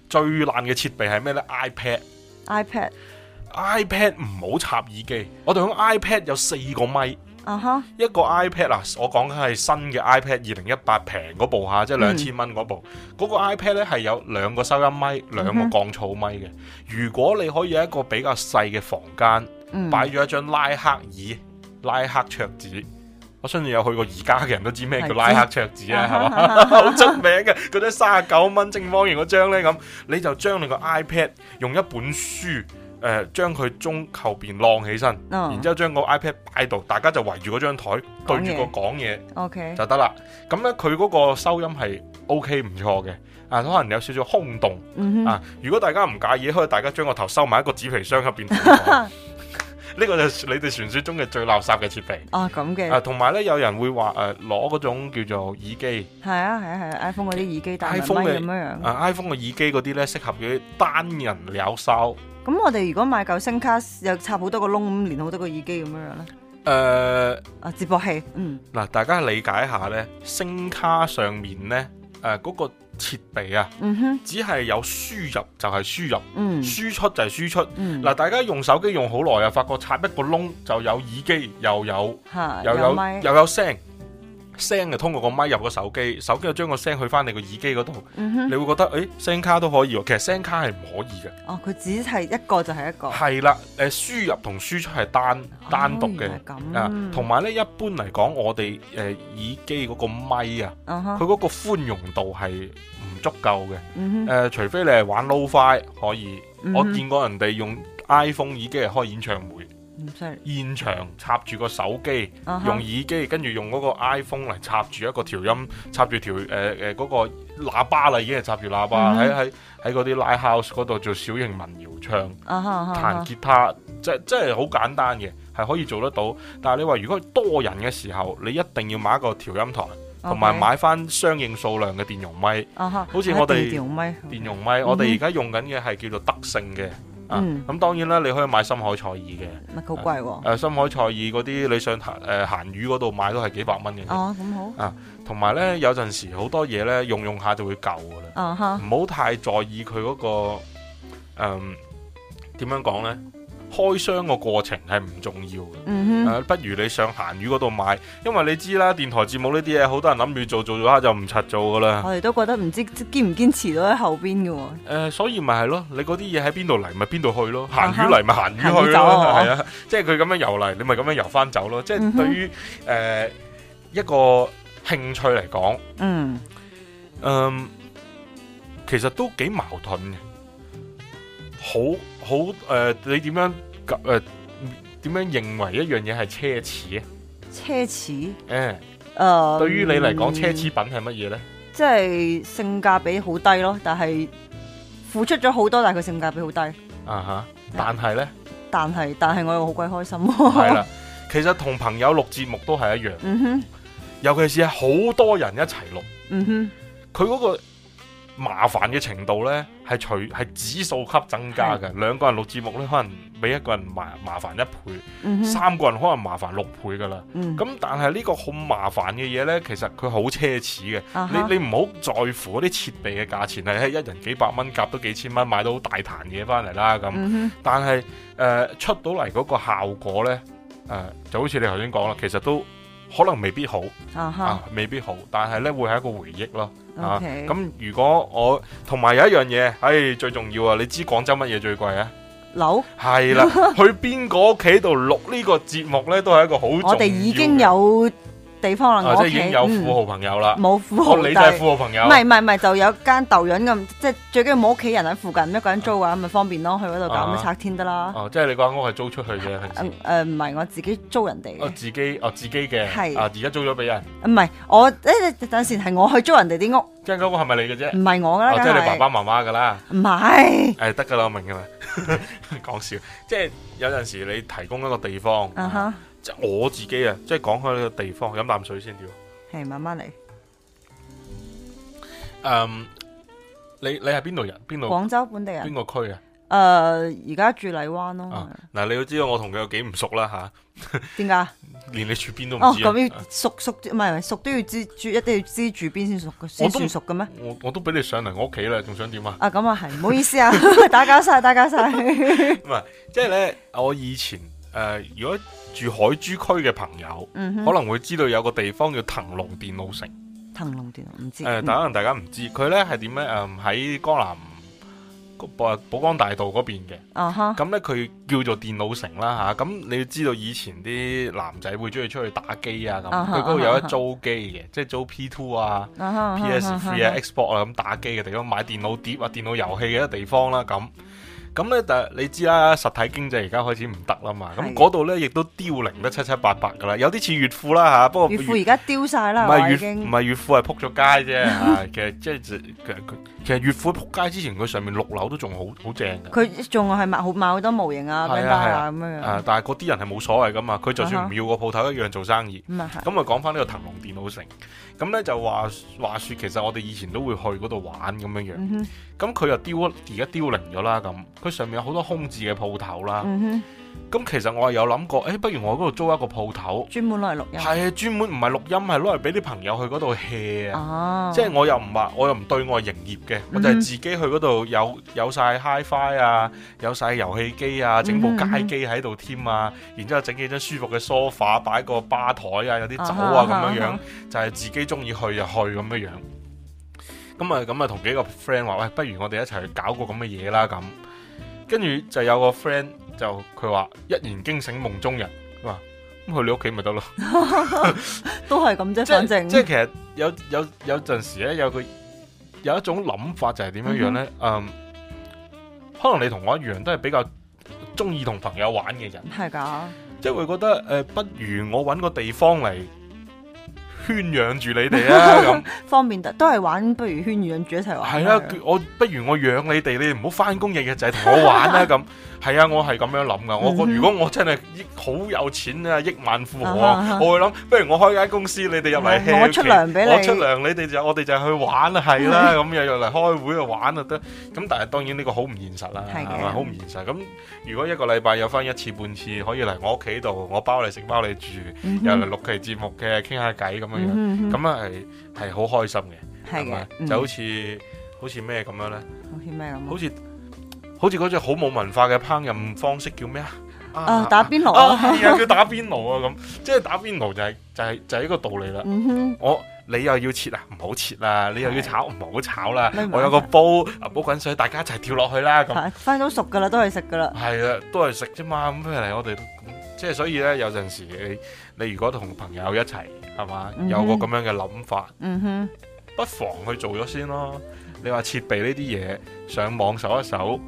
最爛嘅設備係咩呢 iPad，iPad，iPad 唔好插耳機。我哋用 iPad 有四個咪，uh huh. 一個 iPad 啊，我講緊係新嘅 iPad 二零一八平嗰部嚇，即係兩千蚊嗰部。嗰、mm hmm. 個 iPad 咧係有兩個收音咪，兩個降噪咪嘅。如果你可以一個比較細嘅房間，擺咗一張拉克椅、拉克桌子。我相信有去過宜家嘅人都知咩叫拉克桌子啊，係嘛？好出名嘅嗰啲三十九蚊正方形嗰張呢。咁你就將你個 iPad 用一本書，誒、呃，將佢中後邊晾起身，嗯、然之後將個 iPad 擺度，大家就圍住嗰張台話對住個講嘢，OK 就得啦。咁呢，佢嗰個收音係 OK 唔錯嘅，啊，可能有少少空洞、嗯、哼啊。如果大家唔介意，可以大家將個頭收埋一個紙皮箱入邊。 呢個就係你哋傳說中嘅最垃圾嘅設備。啊，咁嘅。啊，同埋咧，有人會話誒攞嗰種叫做耳機。係啊，係啊，係啊，啊，iPhone 嗰啲耳機戴入去咁樣樣。啊，iPhone 嘅耳機嗰啲咧，適合於單人撩收。咁我哋如果買嚿聲卡又插好多個窿，咁連好多個耳機咁樣樣咧？誒、呃。啊，接駁器。嗯。嗱，大家理解下咧，聲卡上面咧，誒、啊、嗰、嗰個。設備啊，嗯、哼只係有輸入就係輸入，嗯、輸出就係輸出。嗱、嗯，大家用手機用好耐啊，發覺插一個窿就有耳機，又有哈又有，有麥又有聲。聲就通過個咪，咪入個手機，手機就將個聲去翻你個耳機嗰度，嗯、哼你會覺得誒聲、欸、卡都可以，其實聲卡係唔可以嘅。哦，佢只係一個就係一個。係啦，誒、呃、輸入同輸出係單單獨嘅。咁啊，同埋呢，一般嚟講，我哋誒、呃、耳機嗰個咪啊，佢嗰、嗯、哼個寬容度係唔足夠嘅。誒、嗯哼呃，除非你係玩 low fi 可以，嗯、哼我見過人哋用 iPhone 耳機嚟開演唱會。現場插住個手機，uh huh. 用耳機，跟住用嗰個 iPhone 嚟插住一個調音，插住條誒誒個喇叭啦，已經係插住喇叭啦，喺喺喺嗰啲 live house 嗰度做小型民謠唱，彈、uh huh. 吉他，uh huh. 即即係好簡單嘅，係可以做得到。但係你話如果多人嘅時候，你一定要買一個調音台，同埋 Okay. 買翻相應數量嘅電容咪，好似、uh huh. 我哋電容咪。Uh huh. 我哋而家用緊嘅係叫做德勝嘅。啊、嗯，咁、嗯、當然啦，你可以買深海菜耳嘅，咪、嗯啊、好貴喎、哦啊。深海菜耳嗰啲你上誒、呃、閒魚嗰度買都係幾百蚊嘅。哦、啊，咁好。啊，同埋咧有陣時好多嘢咧用用下就會舊噶啦。唔好、啊、哈太在意佢嗰、那個誒點、嗯、樣講咧。開箱個過程係唔重要嘅，嗯哼啊，不如你上閒魚嗰度買，因為你知啦，電台節目呢啲嘢，好多人諗住做，做咗下就唔插做噶啦。我哋都覺得唔知堅唔堅持到喺後邊嘅喎。誒、呃，所以咪係咯，你嗰啲嘢喺邊度嚟咪邊度去咯，閒魚嚟咪閒魚去咯，係啊，啊，即係佢咁樣游嚟，你咪咁樣游翻走咯。即、就、係、是、對於誒、嗯哼呃、一個興趣嚟講，嗯，嗯，其實都幾矛盾嘅。好好誒、呃，你點樣誒？點、呃、樣認為一樣嘢係奢侈啊？奢侈誒，誒，Yeah. uh, 對於你嚟講，奢侈品係乜嘢咧？即係性價比好低咯，但係付出咗好多，但係佢性價比好低。啊哈、uh huh.！但係咧？但係但係，我又好鬼開心係、啊、啦 其實同朋友錄節目都係一樣。哼、mm，hmm. 尤其是係好多人一齊錄。嗯哼、mm，佢、hmm. 嗰個。麻煩嘅程度呢，係隨係指數級增加嘅。是兩個人錄節目呢，可能比一個人麻麻煩一倍，mm hmm. 三個人可能麻煩六倍噶啦。咁、mm hmm. 但係呢個好麻煩嘅嘢呢，其實佢好奢侈嘅、uh huh.。你你唔好在乎嗰啲設備嘅價錢，係一人幾百蚊夾到幾千蚊，買到好大壇嘢翻嚟啦咁。Mm hmm. 但係誒、呃、出到嚟嗰個效果呢，誒、呃、就好似你頭先講啦，其實都。可能未必好、uh huh. 啊，未必好，但係呢會係一個回憶咯。咁 Okay.、啊、如果我同埋有一樣嘢，唉、哎，最重要啊！你知廣州乜嘢最貴啊？樓係啦，的 去邊個屋企度錄呢個節目呢，都係一個好。我哋已經有。地方啦，我已經有富豪朋友啦，冇富豪，你就係富豪朋友。唔係唔係唔係，就有間豆潤咁，即係最緊要冇屋企人喺附近，一個人租啊，咁咪方便咯，去嗰度搞咩拆天得啦。哦，即係你間屋係租出去嘅？誒，唔係我自己租人哋，我自己，哦，自己嘅，係，啊，而家租咗俾人，唔係我，誒，等陣時係我去租人哋啲屋，間屋係咪你嘅啫？唔係我噶啦，即係你爸爸媽媽噶啦，唔係，誒，得噶啦，我明噶啦，講笑，即係有陣時你提供一個地方，我自己啊！即係講開呢個地方，飲啖水先掂。係，慢慢嚟。嗯，你你係邊度人？邊度？廣州本地人。邊個區啊？誒，而家住荔灣咯。嗱，你要知道我同佢有幾唔熟啦吓。點解？連你住邊都唔知。咁要熟，熟，唔係，唔熟都要知住，一定要知住邊先熟。都唔熟嘅咩？我我都俾你上嚟我屋企啦，仲想點啊？啊，咁啊係，唔好意思啊，打攪晒，打攪晒。唔係，即係咧，我以前。誒，如果住海珠區嘅朋友，可能會知道有個地方叫騰龍電腦城。騰龍電腦唔知誒，但可能大家唔知，佢咧係點咧？誒，喺江南個寶崗大道嗰邊嘅。啊哈！咁咧佢叫做電腦城啦吓。咁你要知道以前啲男仔會中意出去打機啊咁。佢嗰度有一租機嘅，即係租 P two 啊、P S three 啊、X box 啊咁打機嘅地方，買電腦碟啊、電腦遊戲嘅地方啦咁。咁咧，但係你知啦，啊，實體經濟而家開始唔得啦嘛。咁嗰度咧，亦都凋零得七七八八噶啦，有啲似月富啦嚇。不過月富而家丟晒啦，已經越。唔係月富係撲咗街啫、 啊。其實即、就、係、是、其實其實月富撲街之前，佢上面六樓都仲好好正噶，啊。佢仲係賣好賣好多模型啊，啊品牌啊咁，啊啊、樣樣、啊。但係嗰啲人係冇所謂噶嘛。佢就算唔要個鋪頭一樣做生意。咁啊係。講翻呢個騰龍電腦城。咁咧就話話說，其實我哋以前都會去嗰度玩咁樣樣。嗯咁佢又丟而家凋零咗啦，咁佢上面有好多空置嘅鋪頭啦。咁、mm hmm. 其實我有諗過，誒、欸，不如我嗰度租一個鋪頭，專門攞嚟錄音，係啊，專門唔係錄音，係攞嚟俾啲朋友去嗰度 hea 啊。即係、ah. 我又唔話，我又唔對外營業嘅，mm hmm. 我就係自己去嗰度有有晒 HiFi 啊，有晒遊戲機啊，整部街機喺度添啊。Mm hmm. 然之後整幾張舒服嘅梳化，f a 擺個吧台啊，有啲酒啊咁樣、ah, 樣，ah, ah. 就係自己中意去就去咁樣樣、ah. 咁啊，咁啊，同幾個 friend 話喂，不如我哋一齊去搞個咁嘅嘢啦，咁，跟住就有個 friend 就佢話一言驚醒夢中人，佢話咁去你屋企咪得咯。 都係咁啫，反 即正即係其實有有有陣時咧，有佢有，有，有一種諗法就係點樣樣咧，嗯，嗯，嗯，可能你同我一樣都係比較中意同朋友玩嘅人，係噶的，即係會覺得誒、呃，不如我搵個地方嚟。圈養住你哋啦咁， 方便都係玩，不如圈養住一齊玩。係啦、啊，吧我不如我養你哋，你哋唔好翻工，日日就係、是、同我玩啦、啊、咁。 係啊，我係咁樣諗噶。我如果我真係億好有錢啊，億萬富豪，啊、哈 我會諗，不如我開間公司，你哋入嚟，我出糧俾你，我出糧，你哋就我哋就去玩啊，係啦，咁又又嚟開會啊，玩啊得。咁但係當然呢個好唔現實啦，係嘛，好唔現實。咁是的 如果一個禮拜有翻一次半次，可以嚟我屋企度，我包你食包你住，又嚟錄期節目嘅，傾下偈咁樣，咁啊係係好開心嘅，係嘅是的，就好似、嗯、好似咩咁樣咧，好似咩咁，好似。好似嗰隻好冇文化嘅烹飪方式叫咩啊？哦、啊，打邊爐啊，係、啊啊、叫打邊爐啊咁， 即係打邊爐就係、是、就係、是、就係、是、呢個道理啦。嗯、哼我你又要切啊，唔好切啦；你又要炒，唔好炒啦。的我有個煲的煲滾水，大家一齊跳落去啦。咁翻到熟噶啦，都係食噶啦。係啊，都係食啫嘛。咁不如嚟我哋，即係所以咧，有陣時你你如果同朋友一齊係嘛，有個咁樣嘅諗法，嗯哼，不妨去做咗先咯。你話設備呢啲嘢，上網搜一搜。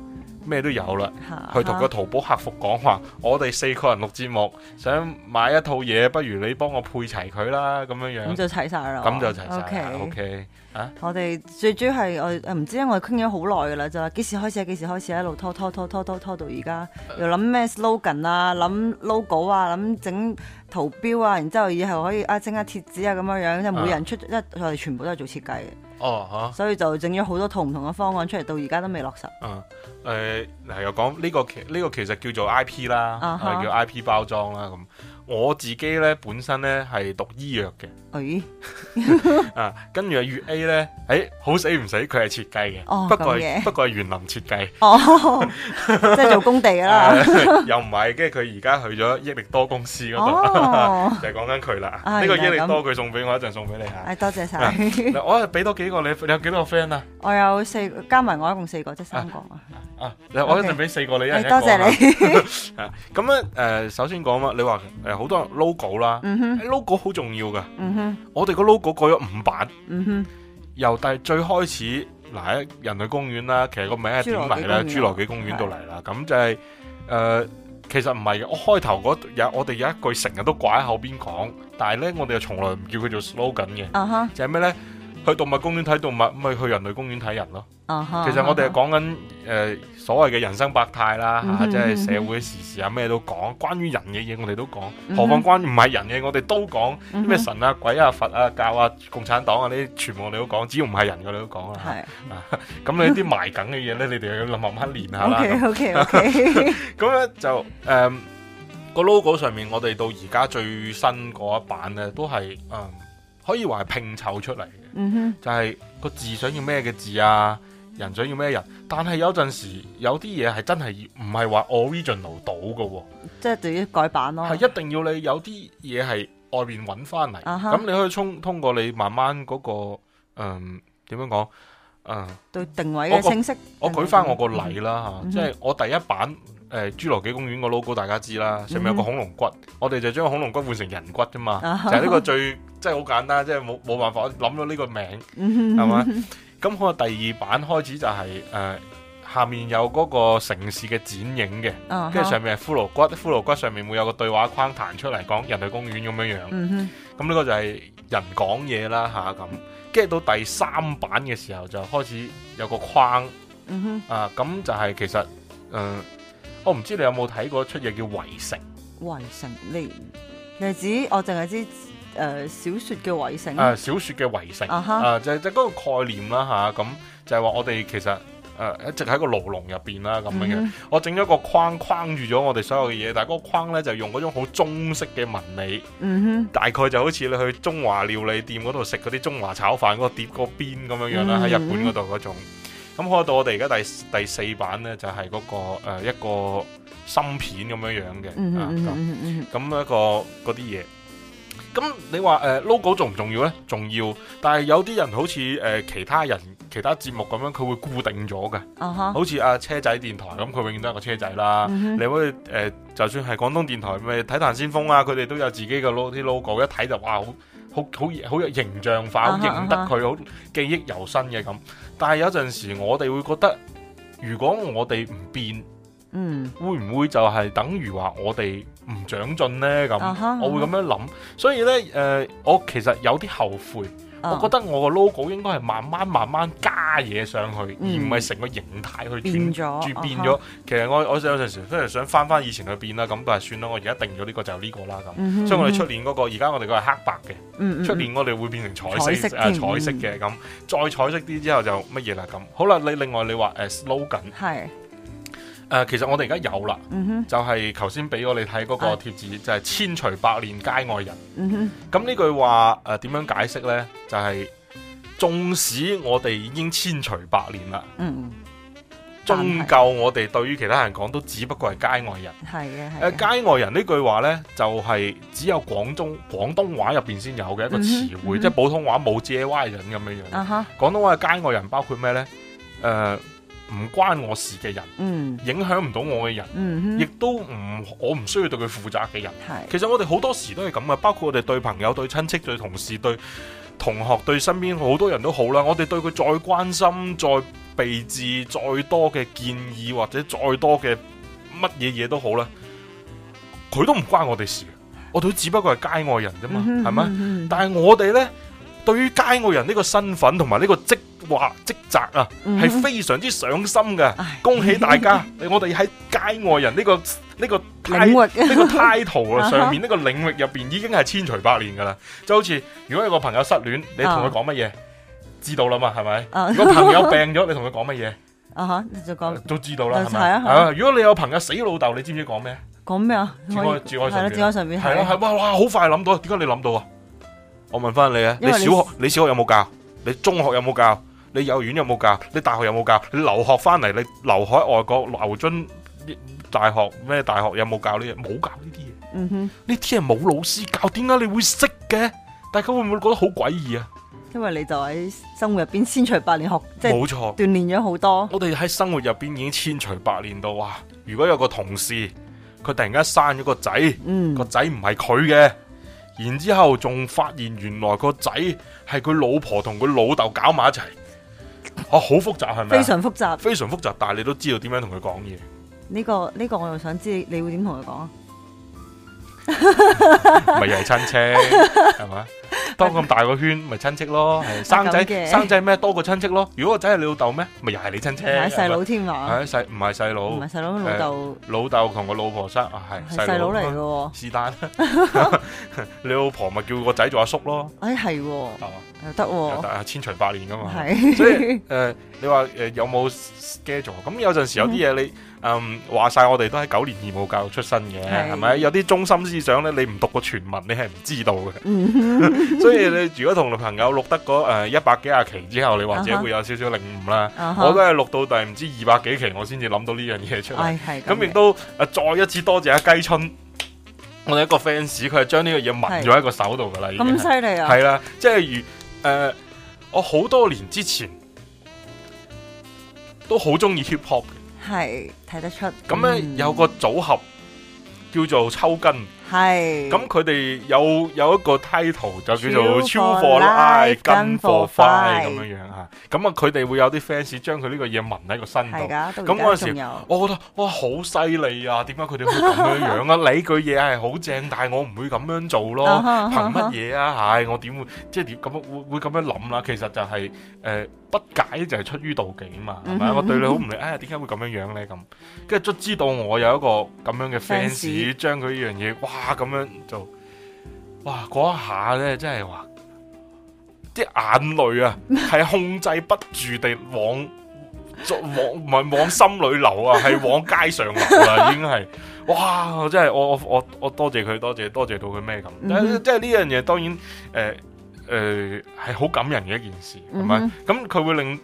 咩都有啦，佢同個淘寶客服講話，我哋四個人錄節目，想買一套嘢，不如你幫我配齊佢啦，咁樣樣。咁就齊晒啦。咁、啊、就齊晒 O K 啊！我哋最主要係我唔知，因為我傾咗好耐噶啦，就話幾時開始啊？幾時開始,、幾時開始啊？一路拖拖拖拖拖拖到而家，又諗咩 slogan 啊，諗 logo 啊，諗整。圖標啊，然之後以後可以紙啊整下貼紙啊咁樣樣，即係每人出，即係、uh huh. 我哋全部都係做設計嘅。哦、uh，huh. 所以就整咗好多同唔同嘅方案出嚟，到而家都未落實。嗯、uh，誒、huh. uh，嗱又講呢個其呢、這個其實叫做 I P 啦，係、uh huh. 叫 I P 包裝啦咁。我自己咧本身咧係讀醫藥嘅，誒，啊，跟住啊，月 A 咧，誒，好死唔死，佢係設計嘅，不過不過係園林設計，哦，即係做工地噶啦，又唔係，跟住佢而家去咗益力多公司嗰度，就講緊佢啦，呢個益力多，佢送俾我，一陣送俾你吓，誒，多謝晒。我俾多幾個你，你有幾多個 friend 啊？我有四，加埋我一共四個，即係三個啊。啊！Okay. 我一陣俾四個你，一人一個。多謝你。咁咧，誒，首先講啊，你話誒、嗯哼，好多 logo 啦，logo 好重要噶。嗯、哼我哋個 logo 改咗五版。嗯、哼由第最開始，嗱，人類公園啦，其實個名係點嚟咧？侏羅紀公園度嚟啦。咁對就係、是、誒、呃，其實唔係嘅。我開頭嗰我哋有一句成日都掛喺後邊講，但係咧，我哋又從來唔叫佢做 slogan 嘅。嗯、哼就哈，係咩咧？去動物公園睇動物，咪去人類公園睇人咯。Uh、huh, 其實我哋係講緊誒、呃，所謂嘅人生百態啦，吓、uh huh. 啊、即係社會時事啊，咩都講。關於人嘅嘢我哋都講，uh huh. 何況關於唔係人嘅我哋都講咩、uh huh. 神啊、鬼啊、佛啊、教啊、共產黨啊呢啲全部我哋都講。只要唔係人嘅，你都講啊。係、uh。咁你啲埋梗嘅嘢咧，你哋要諗下，慢慢練下啦。O K O K O K。咁、uh, 咧就誒，個 logo 上面我哋到而家最新嗰一版咧，都係誒。嗯可以話係拼湊出嚟嘅，嗯、哼就係個字想要咩嘅字啊，人想要咩人，但係有陣時有啲嘢係真係唔係話 original 到嘅、哦，即係對於改版咯，係一定要你有啲嘢係外面搵翻嚟，咁、啊、哼你可以通通過你慢慢嗰、那個，嗯、呃，點樣講，嗯、呃，對定位嘅清晰，我舉翻我個例啦吓，嗯、哼即係我第一版。誒，侏羅紀公園個 logo 大家知啦，上面有個恐龍骨，嗯、我哋就將個恐龍骨換成人骨啫嘛，啊、呵呵就係呢個最，即係好簡單，即係冇冇辦法諗到呢個名，係嘛、嗯哼？咁好能第二版開始就係、是、誒、呃，下面有嗰個城市嘅剪影嘅，跟住、啊、呵上面係骷髏骨，骷髏骨上面會有個對話框彈出嚟講人類公園咁樣樣，咁呢、嗯、哼個就係人講嘢啦吓咁，跟、啊、住到第三版嘅時候就開始有個框，嗯、啊，咁就係其實，誒、呃。呃嗯我唔知你有冇睇過一出嘢叫《圍城》圍城。圍、呃、城，你你係指我淨係知誒小説嘅圍城啊？小説嘅圍城啊，就係即係嗰個概念啦嚇。咁就係話我哋其實誒、呃、一直喺個牢籠入邊啦咁樣嘅。嗯、哼我整咗個框框住咗我哋所有嘅嘢，但係嗰個框咧就係、用嗰種好中式嘅紋理，嗯、哼大概就好似你去中華料理店嗰度食嗰啲中華炒飯嗰、嗰個碟個邊咁樣樣啦，喺日本嗰度嗰種。咁開到我哋而家第第四版咧，就係、是、嗰、那個、呃、一個芯片咁樣樣嘅，咁、mm hmm. 啊、一個嗰啲嘢。咁你話誒、呃、logo 重唔重要咧？重要。但係有啲人好似誒、呃、其他人其他節目咁樣，佢會固定咗嘅。Uh huh. 好似阿、啊、車仔電台咁，佢永遠都係個車仔啦。Uh huh. 你可以誒，就算係廣東電台咪體壇先鋒啊，佢哋都有自己嘅 logo，一睇就哇，好好好有形象化，好、uh huh. 認得佢，好記憶猶，猶新嘅咁。但係有陣時，我哋會覺得，如果我哋唔變，嗯，會唔會就係等於話我哋唔長進呢？咁，uh、huh, 我會咁樣諗。Uh huh. 所以呢，誒、呃，我其實有啲後悔。我覺得我個 logo 應該係慢慢慢慢加嘢上去，嗯、而唔係成個形態去轉變咗了，轉變咗。Uh huh. 其實我我有陣時都係想翻翻以前去變啦，咁但係算啦，我而家定咗呢個就呢個啦咁。Mm hmm, 所以我哋出年嗰、嗰個，而家我哋個係黑白嘅，出、mm hmm, 年我哋會變成彩色誒，彩色嘅咁，再彩色啲之後就乜嘢啦咁。好啦，你另外你話誒、uh, slogan 係。誒、呃，其實我哋而家有啦，嗯、哼就係頭先俾我哋睇嗰個貼子，啊、就係、是、千錘百煉街外人。咁呢、嗯、哼句話誒點、呃、樣解釋呢？就係、是、縱使我哋已經千錘百煉啦，終、嗯、究我哋對於其他人講都只不過係街外人。係嘅，係、呃。街外人呢句話呢，就係、是、只有廣中廣東話入邊先有嘅一個詞彙，即係普通話冇街外人咁嘅樣。廣、uh huh. 東話嘅街外人包括咩呢？誒、呃。呃唔關我事嘅人，影響唔到我嘅人，亦、嗯、哼都唔我唔需要對佢負責嘅人。是其實我哋好多時都係咁噶，包括我哋對朋友、對親戚、對同事、對同學、對身邊好多人都好啦。我哋對佢再關心、再備至、再多嘅建議或者再多嘅乜嘢嘢都好啦，佢都唔關我哋事。我哋只不過係街外人啫嘛，係咪？但係我哋呢，對於街外人呢個身份同埋呢個職。哇，職責啊，係非常之上心嘅。恭喜大家，我哋喺街外人呢個呢個呢個態度啊，上面呢個領域入邊已經係千錘百煉噶啦。就好似如果有個朋友失戀，你同佢講乜嘢，知道啦嘛，係咪？如果朋友病咗，你同佢講乜嘢啊？吓就講，就知道啦，係咪啊？如果你有朋友死老豆，你知唔知講咩？講咩啊？自愛，上面，自愛上係，哇哇好快諗到，點解你諗到啊？我問翻你啊，你小學你小學有冇教？你中學有冇教？你幼兒園有冇教？你大學有冇教？你留學翻嚟，你留喺外國留津大學咩大學有冇教你？冇教呢啲嘢。嗯、哼，呢啲係冇老師教，點解你會識嘅？大家會唔會覺得好詭異啊？因為你就喺生活入邊千錘百煉學，即係冇錯，鍛煉咗好多。我哋喺生活入邊已經千錘百煉到啊！如果有個同事，佢突然間生咗個仔，嗯、個仔唔係佢嘅，然之後仲發現原來個仔係佢老婆同佢老豆搞埋一齊。哦，好、啊、複雜係咪？非常複雜，非常複雜，但係你都知道點樣同佢講嘢。呢個呢個，這個、我又想知你會點同佢講啊？咪 又係親戚係嘛？ 多咁大個圈，咪親戚咯。生仔生仔咩？多過親戚咯。如果個仔係你老豆咩？咪又係你親戚。唔係細佬添嘛？係細唔係細佬？唔係細佬，老豆。老豆同個老婆生啊，係細佬嚟嘅。是但，你老婆咪叫個仔做阿叔咯。哎，係，係嘛，又得，千錘百煉噶嘛。係，所以誒，你話誒有冇 get 咗？咁有陣時有啲嘢你誒話晒，我哋都喺九年義務教育出身嘅，係咪？有啲中心思想咧，你唔讀過全文，你係唔知道嘅。 所以你如果同女朋友錄得嗰誒、呃、一百幾廿期之後，你或者會有少少領悟啦。Uh huh. 我都係錄到第唔知二百幾期，我先至諗到呢、哎、樣嘢出嚟。咁亦都誒、呃、再一次多謝阿、啊、雞春， 我哋一個 fans，佢係將呢個嘢紋咗喺個手度噶啦。咁犀利啊！係啦，即係如誒、呃，我好多年之前都好中意 hip hop 嘅。係睇得出。咁咧、嗯、有個組合叫做抽筋。係咁，佢哋有有一個 title 就叫做超貨啦，跟貨快咁樣樣嚇。咁啊，佢哋會有啲 fans 將佢呢個嘢紋喺個身度。係噶，都咁嗰陣時，我覺得哇，好犀利啊！點解佢哋會咁樣樣啊？你句嘢係好正，但係我唔會咁樣做咯。憑乜嘢啊？係我點會即係點咁樣會會咁樣諗啦？其實就係誒不解就係出於妒忌啊嘛。係咪我對你好唔理？哎，點解會咁樣樣咧？咁跟住都知道我有一個咁樣嘅 fans 將佢呢樣嘢哇～啊！咁樣就哇！嗰一下咧，真係話啲眼淚啊，係控制不住地往， 往唔係往心裏流啊，係往街上流啊，已經係，哇！真係我我我我多謝佢，多謝多謝到佢咩咁，但、mm hmm. 啊、即係呢樣嘢，當然誒誒係好感人嘅一件事，係咪、mm？咁、hmm. 佢會令。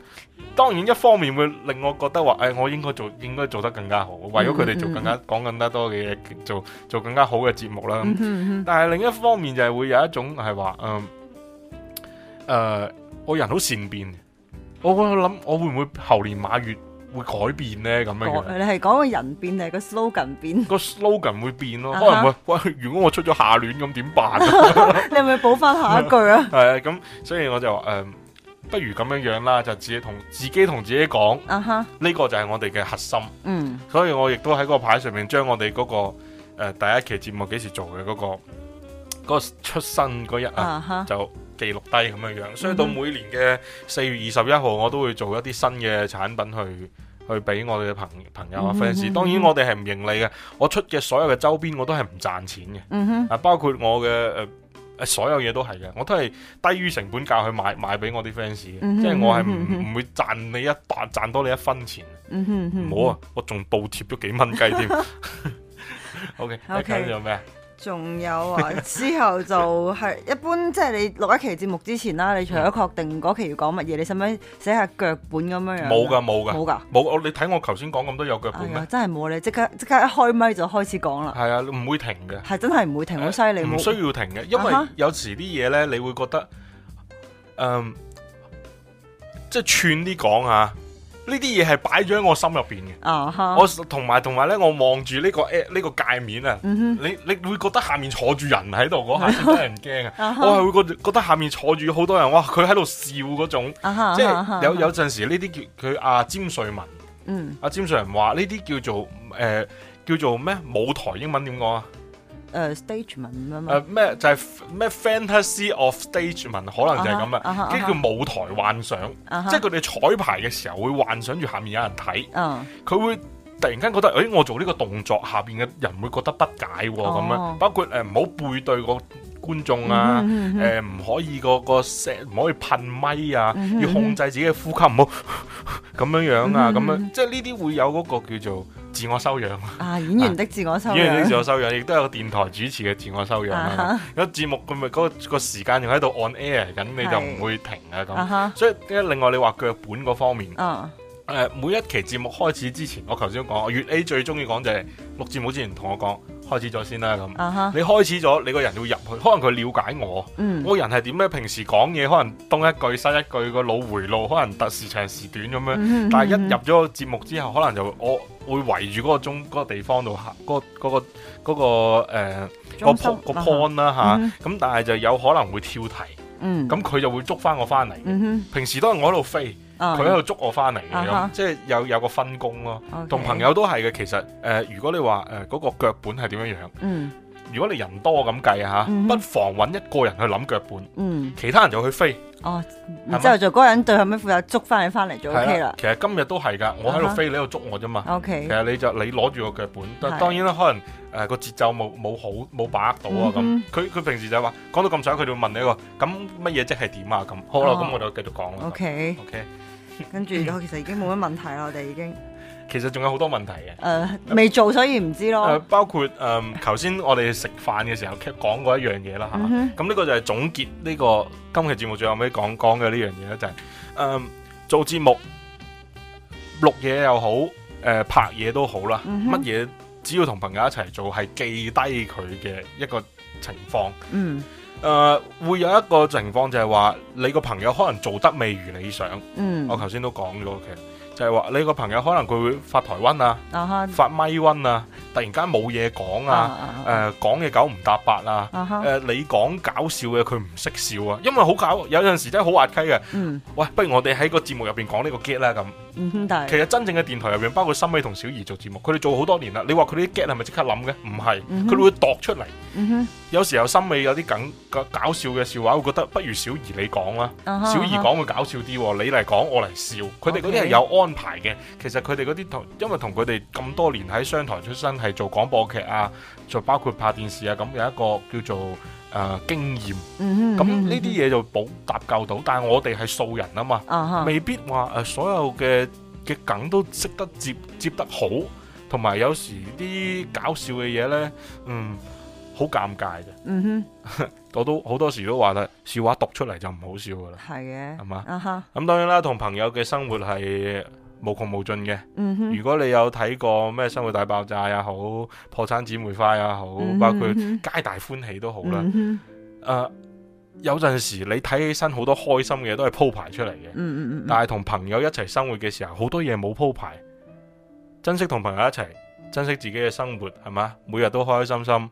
當然，一方面會令我覺得話，誒，我應該做，應該做得更加好，mm hmm. 為咗佢哋做更加講更加多嘅嘢，做做更加好嘅節目啦。Mm hmm. 但係另一方面就係會有一種係話，誒、呃，誒、呃，我人好善變，我會諗，我會唔會猴年馬月會改變咧？咁樣，你係講個人變定係個 slogan 變？個 slogan 會變咯，可能會喂，如果我出咗下聯咁點辦？文 yummy 你係咪補翻下一句啊？係啊，咁所以我就話，誒。啊不如咁樣樣啦，就自己同自己同自己講，呢、uh huh. 個就係我哋嘅核心。嗯、uh，huh. 所以我亦都喺個牌上面將我哋嗰、那個誒、呃、第一期節目幾時做嘅嗰、那個、那個那個出生嗰日啊，uh huh. 就記錄低咁樣樣。所以到每年嘅四月二十一號，uh huh. 我都會做一啲新嘅產品去去俾我哋嘅朋朋友啊 fans。Uh huh. 當然我哋係唔盈利嘅，我出嘅所有嘅周邊我都係唔賺錢嘅。啊、uh huh. 包括我嘅誒。Uh, 誒所有嘢都係嘅，我都係低於成本價去賣賣俾我啲 fans 嘅，mm hmm. 即係我係唔唔會賺你一賺多你一分錢，唔、mm hmm. 好啊，我仲倒貼咗幾蚊雞添。O K，你睇下有咩啊！仲有啊！ 之後就係、是、 一般，即係你錄一期節目之前啦、啊，你除咗確定嗰期要講乜嘢，你使唔使寫下腳本咁樣？冇㗎冇㗎冇㗎冇！你睇我頭先講咁多有腳本咩？真係冇，你即刻即刻一開咪就開始講啦！係啊，唔會停嘅。係真係唔會停，好犀利！唔需要停嘅，因為有時啲嘢咧，你會覺得、uh huh. 嗯，即係串啲講啊。呢啲嘢係擺咗喺我心入邊嘅，我同埋同埋咧，我望住呢個誒呢個界面啊，uh huh. 你你會覺得下面坐住人喺度，嗰下先得人驚啊！Uh huh. 我係會覺得覺得下面坐住好多人，哇！佢喺度笑嗰種，uh huh. 即係有有陣時呢啲叫佢阿詹瑞文，嗯、uh，阿詹瑞文話呢啲叫做誒、呃、叫做咩舞台，英文點講啊？誒 stageman 咁啊，咩就係咩 fantasy of stageman，可能就係咁啊，啲叫舞台幻想，即係佢哋彩排嘅時候會幻想住下面有人睇，佢會突然間覺得誒我做呢個動作，下邊嘅人會覺得不解喎，咁樣，包括誒唔好背對個觀眾啊，誒唔可以個個聲唔可以噴咪啊，要控制自己嘅呼吸，唔好咁樣樣啊，咁樣即係呢啲會有嗰個叫做。自我修養啊！演員的自我修養， 演員的自我修養，亦 都有個電台主持嘅自我修養啦。有、uh huh. 節目佢咪嗰個個時間仲喺度 on air 緊、uh，huh. 你就唔會停啊咁。Uh huh. 所以另外你話腳本嗰方面。Uh huh. 誒，每一期節目開始之前，我頭先講，粵 A 最中意講就係錄節目之前同我講，開始咗先啦咁。你開始咗，你個人要入去，可能佢了解我，我人係點咧？平時講嘢可能東一句西一句，個腦回路可能特時長時短咁樣。但係一入咗個節目之後，可能就我會圍住嗰個中個地方度，吓，嗰嗰個嗰個誒個 point 啦吓。咁但係就有可能會跳題，咁佢就會捉翻我翻嚟。平時都係我喺度飛。佢喺度捉我翻嚟嘅，即係有有個分工咯。同朋友都係嘅，其實誒，如果你話誒嗰個腳本係點樣樣，嗯，如果你人多咁計啊吓，不妨揾一個人去諗腳本，嗯，其他人就去飛，哦，然之後就嗰個人對後尾負責捉翻你翻嚟就 OK 啦。其實今日都係噶，我喺度飛，你喺度捉我啫嘛。OK，其實你就你攞住個腳本，但當然啦，可能誒個節奏冇冇好冇把握到啊咁。佢佢平時就係話講到咁上，佢就會問你個咁乜嘢即係點啊咁。好啦，咁我就繼續講啦。OK，OK。跟住，我其實已經冇乜問題啦，我哋已經。其實仲有好多問題嘅。誒，未做所以唔知咯。誒，包括誒，頭、uh, 先我哋食飯嘅時候講過一樣嘢啦吓。咁呢、 uh huh. 個就係總結呢、這個今期節目最後尾講講嘅呢樣嘢啦，就係、是、誒、uh, 做節目錄嘢又好，誒、呃、拍嘢都好啦，乜嘢、uh huh. 只要同朋友一齊做，係記低佢嘅一個情況。嗯、uh。Huh. Uh huh. 誒、呃、會有一個情況就係話，你個朋友可能做得未如理想。嗯，我頭先都講咗其實，就係、是、話你個朋友可能佢會發台瘟啊，啊哈發咪瘟啊，突然間冇嘢講啊，誒講嘢九唔搭八啊，誒、啊哈呃、你講搞笑嘅佢唔識笑啊，因為好搞，有陣時真係好滑稽嘅。嗯，喂、呃，不如我哋喺個節目入邊講呢個 get 啦咁。嗯、其實真正嘅電台入邊，包括森美同小儀做節目，佢哋做好多年啦。你話佢啲 get 係咪即刻諗嘅？唔係，佢、嗯、哼會度出嚟。嗯、哼有時候森美有啲梗、搞笑嘅笑話，會覺得不如小儀你講啦。啊、哈小儀講會搞笑啲，啊、哈你嚟講我嚟笑。佢哋嗰啲係有安排嘅。Okay 其實佢哋嗰啲同，因為同佢哋咁多年喺商台出身，係做廣播劇啊，就包括拍電視啊，咁有一個叫做。誒、呃、經驗，咁呢啲嘢就補搭救到，嗯、哼但係我哋係素人啊嘛，uh huh. 未必話誒、呃、所有嘅嘅梗都識得接接得好，同埋有時啲搞笑嘅嘢呢，嗯，好尷尬嘅。嗯哼、uh，huh. 我都好多時都話啦，笑話讀出嚟就唔好笑噶啦。係嘅，係嘛？啊咁當然啦，同朋友嘅生活係。無窮無盡嘅，如果你有睇過咩《生活大爆炸》也好，《破產姐妹花》也好，包括《皆大歡喜》都好啦。誒，有陣時你睇起身好多開心嘅嘢都係鋪排出嚟嘅， 但係同朋友一齊生活嘅時候，好多嘢冇鋪排。珍惜同朋友一齊，珍惜自己嘅生活，係嘛？每日都開開心心。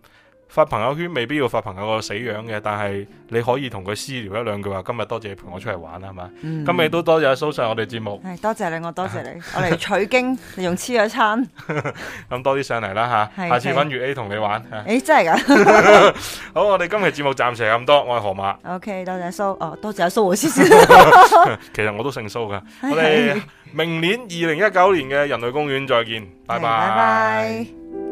發朋友圈未必要發朋友個死樣嘅，但係你可以同佢私聊一兩句話。今日多謝，謝你陪我出嚟玩啦，係嘛？嗯、今日都多謝蘇 s i 我哋節目，係、嗯哎、多謝你，我多謝你， 我哋取經，你用黐咗餐。咁、 嗯、多啲上嚟啦吓，下次揾月 A 同你玩。誒、 欸，真係噶？ 好，我哋今日節目暫時咁多，我係河馬。OK，多謝蘇哦，多謝蘇和 其實我都姓蘇噶。哎、我哋明年二零一九年嘅人類公園再見，拜拜、的拜拜。拜拜